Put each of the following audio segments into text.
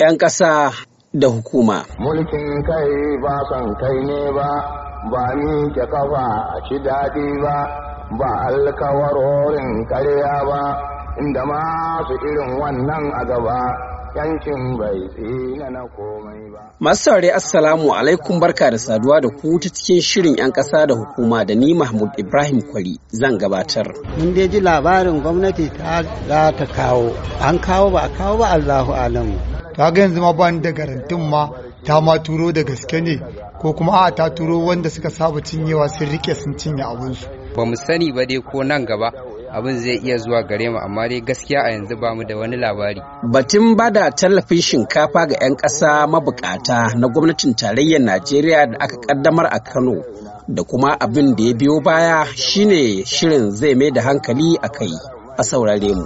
'yan ƙasa da hukuma. Mulkin kai ba son kai ne ba, ba ni ke kafa a ci daɗi ba, ba alkawarorin karya ba, inda masu irin wannan a gaba. yankin bai tsina na komai ba. Masu saurari Assalamu alaikum barka da saduwa da ku ta cikin shirin 'yan ƙasa da hukuma da ni Mahmud Ibrahim Kwari zan gabatar. Mun dai ji labarin gwamnati ta za ta kawo, an kawo ba a kawo ba Allahu alamu. kaga yanzu ma ba ni da garantin ma ta ma turo da gaske ne ko kuma a ta turo wanda suka saba cinyewa sun rike sun cinye abinsu ba mu sani ba dai ko nan gaba abin zai iya zuwa gare mu amma dai gaskiya a yanzu ba mu da wani labari. Batun bada tallafin shinkafa ga 'yan ƙasa mabukata na gwamnatin tarayyar Najeriya da aka kaddamar a Kano da kuma abin da ya biyo baya shine shirin zai mai da hankali a kai a saurare mu.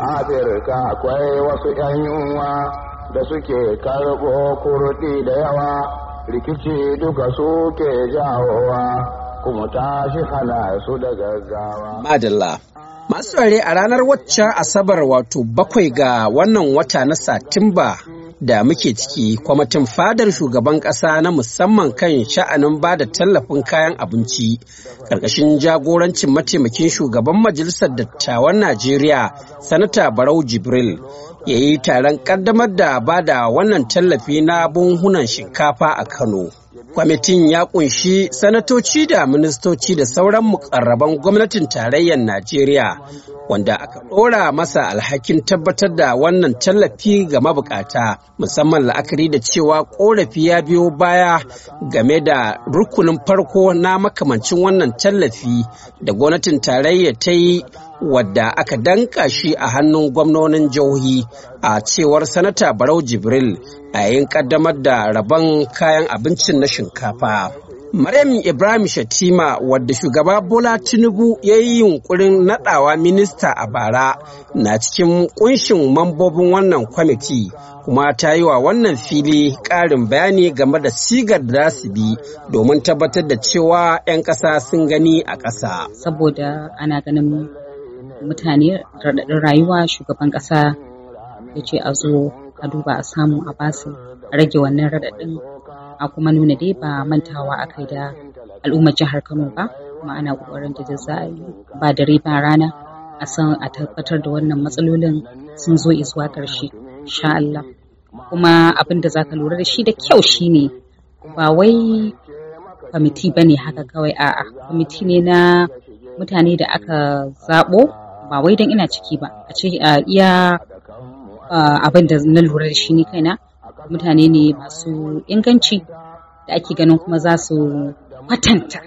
da suke karɓo kurɗi da yawa rikici duka suke jawowa kuma tashi hana su da gaggawa. Madalla. Masu saurare a ranar waccan Asabar wato bakwai ga wannan wata na satimba da muke ciki kwamitin fadar shugaban Kasa na musamman kan sha'anin ba da tallafin kayan abinci ƙarƙashin jagorancin mataimakin shugaban majalisar dattawan najeriya sanata barau jibril ya yi taron ƙaddamar da ba da wannan tallafi na bunhunan shinkafa a kano kwamitin ya kunshi sanatoci da ministoci da sauran mukarraban gwamnatin tarayyar najeriya wanda aka ɗora masa alhakin tabbatar da wannan tallafi ga mabukata musamman la'akari da cewa ƙorafi ya biyo baya game da rukunin farko na makamancin wannan tallafi da gwamnatin tarayya ta yi wadda aka danka shi a hannun gwamnonin jihohi a cewar sanata barau jibril a yayin ƙaddamar da rabon kayan abincin na shinkafa Maryam Ibrahim Shatima wadda shugaba Bola Tinubu ya yi yunkurin nadawa minista a bara na cikin kunshin mambobin wannan kwamiti kuma ta yi wa wannan fili ƙarin bayani game da sigar da su bi domin tabbatar da cewa 'yan ƙasa sun gani a ƙasa. Saboda ana ganin mutane raɗaɗin rayuwa shugaban ƙasa ya ce a zo a duba a samu a basu rage wannan raɗaɗin a kuma nuna dai ba mantawa a kai da al'ummar jihar kano ba kuma ana ƙoƙarin da za a yi ba dare ba rana a san a tabbatar da wannan matsalolin sun zo zuwa ƙarshe sha Allah kuma abin da za lura da shi da kyau shine ba wai kwamiti ba ne haka kawai a kwamiti ne na mutane da aka zaɓo ba wai don ina ciki ba a ce iya abin da na lura da shi ni kaina mutane ne masu inganci da ake ganin kuma za su kwatanta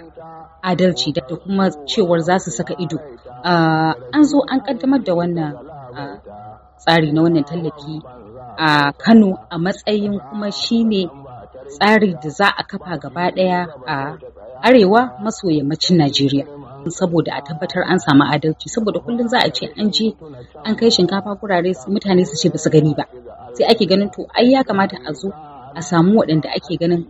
adalci da kuma cewar za su saka ido an zo an kaddamar da wannan tsari na wannan tallafi a kano a matsayin kuma shine tsari da za a kafa gaba daya a arewa maso yammacin najeriya saboda a tabbatar an samu adalci saboda kullum za a ce an je an kai shinkafa gurare mutane su ce ba su gani ba sai ake ganin to ai ya kamata a zo a samu waɗanda ake ganin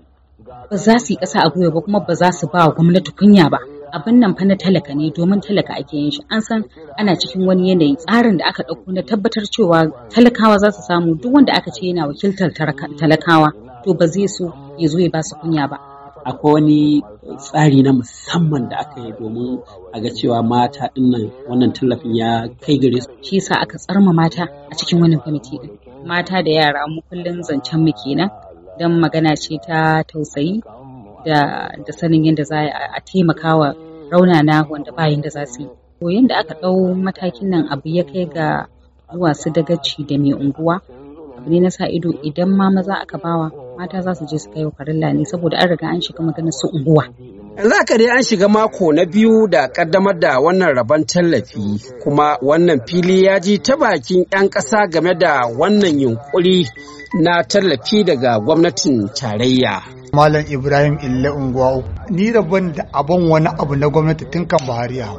ba za su yi ƙasa a gwiwa ba kuma ba za su ba wa gwamnati kunya ba abin nan fa na talaka ne domin talaka ake yin shi an san ana cikin wani yanayi tsarin da aka ɗauko na tabbatar cewa talakawa za su samu duk wanda aka ce yana wakiltar talakawa to ba zai so ya zo ya ba su kunya ba akwai wani tsari na musamman da aka yi domin a ga cewa mata dinnan wannan tallafin ya kai gare su shi yasa aka tsarma mata a cikin wannan kwamiti din mata da yara mu kullum zancen mu kenan don magana ce ta tausayi da da sanin yadda za a taimakawa na wanda ba yadda za su yi to yadda aka ɗau matakin nan abu ya kai ga zuwa su dagaci da mai unguwa abu ne na sa ido idan ma maza aka bawa mata za su je su kai wa farilla ne saboda an riga an shiga maganar su unguwa Zaka dai an shiga mako na biyu da kaddamar da wannan rabon tallafi kuma wannan fili ya ji ta bakin 'yan ƙasa game da wannan yunkuri na tallafi daga gwamnatin tarayya. Malam Ibrahim Ille Unguwa ni rabon da abon wani abu na gwamnati tun kan Buhari ya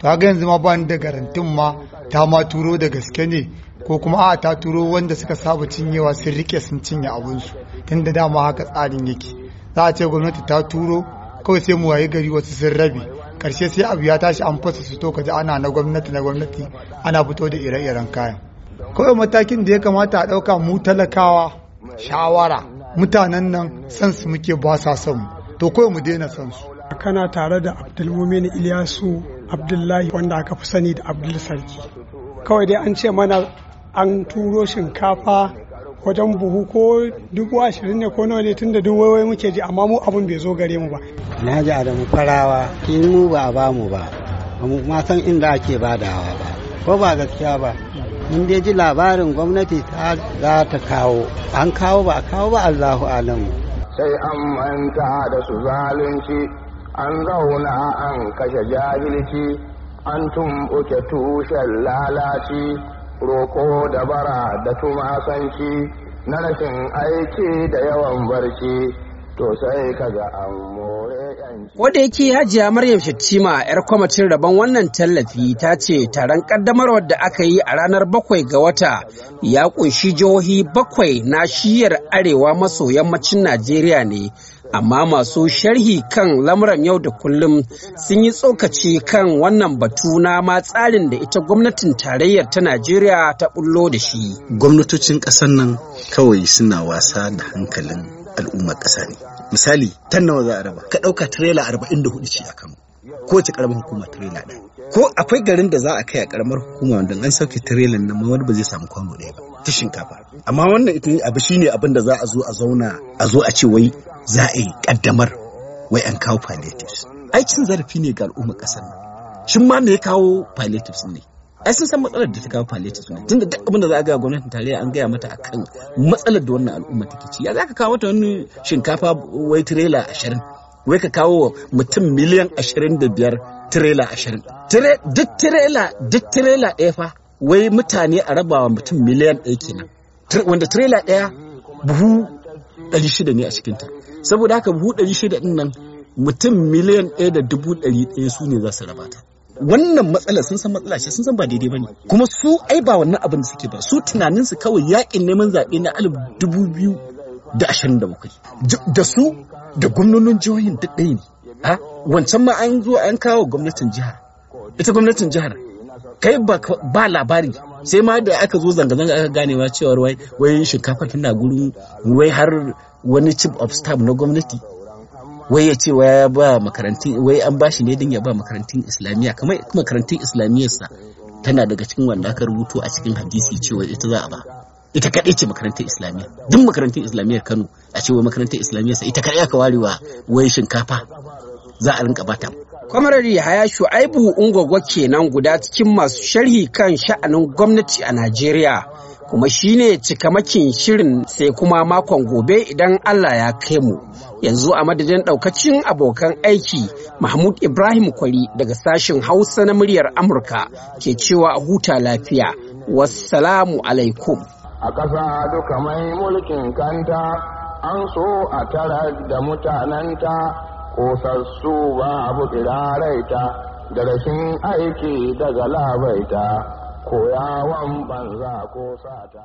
ta ga yanzu ma bani da garantin ma ta ma turo da gaske ne ko kuma a ta turo wanda suka saba cinyewa sun rike sun cinye abinsu tunda da dama haka tsarin yake za a ce gwamnati ta turo kawai sai mu waye gari wasu sun rabe karshe sai abu ya tashi an fasa su to kaji ana na gwamnati na gwamnati ana fito da ire-iren kayan kawai matakin da ya kamata a ɗauka mu talakawa shawara mutanen nan san su muke ba sa son mu to kawai mu daina son su kana tare da abdulmumin ilyasu abdullahi wanda aka fi sani da abdul sarki kawai dai an ce mana an turo shinkafa wajen buhu ko duk ashirin ne ko nawa ne tunda duk waiwai muke ji amma mu abun bai zo gare mu ba. Na ji Adamu farawa in mu ba a ba mu ba ma san inda ake badawa ba ko ba gaskiya ba mun dai ji labarin gwamnati ta za ta kawo an kawo ba a kawo ba Allahu alamu. Sai an manta da su zalunci an zauna an kashe jahilci an tumɓuke tushen lalaci roƙo da bara da tumasanci na rashin aiki da yawan barci to sai ka ga an more Wanda yake hajiya Maryam Shattima yar kwamitin rabon wannan tallafi ta ce taron kaddamarwar da aka yi a ranar bakwai ga wata ya kunshi jihohi bakwai na shiyar arewa maso yammacin Najeriya ne amma masu sharhi kan lamuran yau da kullum sun yi tsokaci kan wannan batu na ma tsarin da ita gwamnatin tarayyar ta najeriya ta bullo da shi gwamnatocin ƙasar nan kawai suna wasa da hankalin al'ummar ƙasa ne misali tan za a raba ka ɗauka tirela arba'in da hudu ce a kano Ko kowace karamar hukuma tirela ɗaya ko akwai garin da za a kai a karamar hukuma wanda an sauke tirelan nan ma wani ba zai samu kwano ɗaya ba ta shinkafa amma wannan ita abu shine abin da za a zo a zauna a zo a ce wai za a yi kaddamar wai an kawo palliatives ai cin zarafi ne ga al'ummar ƙasar nan shin ma me ya kawo palliatives ne ai sun san matsalar da ta kawo palliatives ne tunda duk abin da za a ga gwamnatin tarayya an gaya mata akan matsalar da wannan al'umma take ci ya za ka kawo mata wani shinkafa wai tirela ashirin wai ka kawo mutum miliyan ashirin da biyar tirela ashirin. duk tirela duk tirela ɗaya fa wai mutane a rabawa mutum miliyan ɗaya kenan wanda tirela ɗaya buhu shida ne a cikinta saboda haka buhu shida ɗin nan mutum miliyan ɗaya da dubu ɗari ɗaya su ne za su raba ta wannan matsala sun san matsala ce sun san ba daidai ba ne. kuma su ai ba wannan abin da suke ba su tunaninsu kawai yaƙin neman zaɓe na alif dubu biyu da ashirin da bakwai da su da gwamnonin jihohin duk ɗaya ne wancan ma an zo an kawo gwamnatin jihar ita gwamnatin jihar kai ba labari sai ma da aka zo zanga-zanga aka gane ma cewar wai wai shinkafa tana gurin wai har wani chief of staff na gwamnati wai ya ce wai ya ba makarantun wai an bashi ne don ya ba makarantun islamiyya kamar makarantun islamiyyarsa tana daga cikin wanda aka rubuto a cikin hadisi cewa ita za a ba ita kaɗai ce makarantar islamiyya duk makarantar islamiyyar kano a cewa makarantar islamiyyar sa ita kaɗai aka warewa wai shinkafa za a rinka bata kwamarar yahaya shu'aibu ungwagwa kenan guda cikin masu sharhi kan sha'anin gwamnati a najeriya kuma shine cikamakin shirin sai kuma makon gobe idan allah ya kai mu yanzu a madadin daukacin abokan aiki mahmud ibrahim kwari daga sashen hausa na muryar amurka ke cewa a huta lafiya wassalamu alaikum a ƙasa duka mai mulkin kanta an so a tara da mutananta kosassu ba abu ƙiraraita da rashin aiki daga labaita koyawan banza ko sata.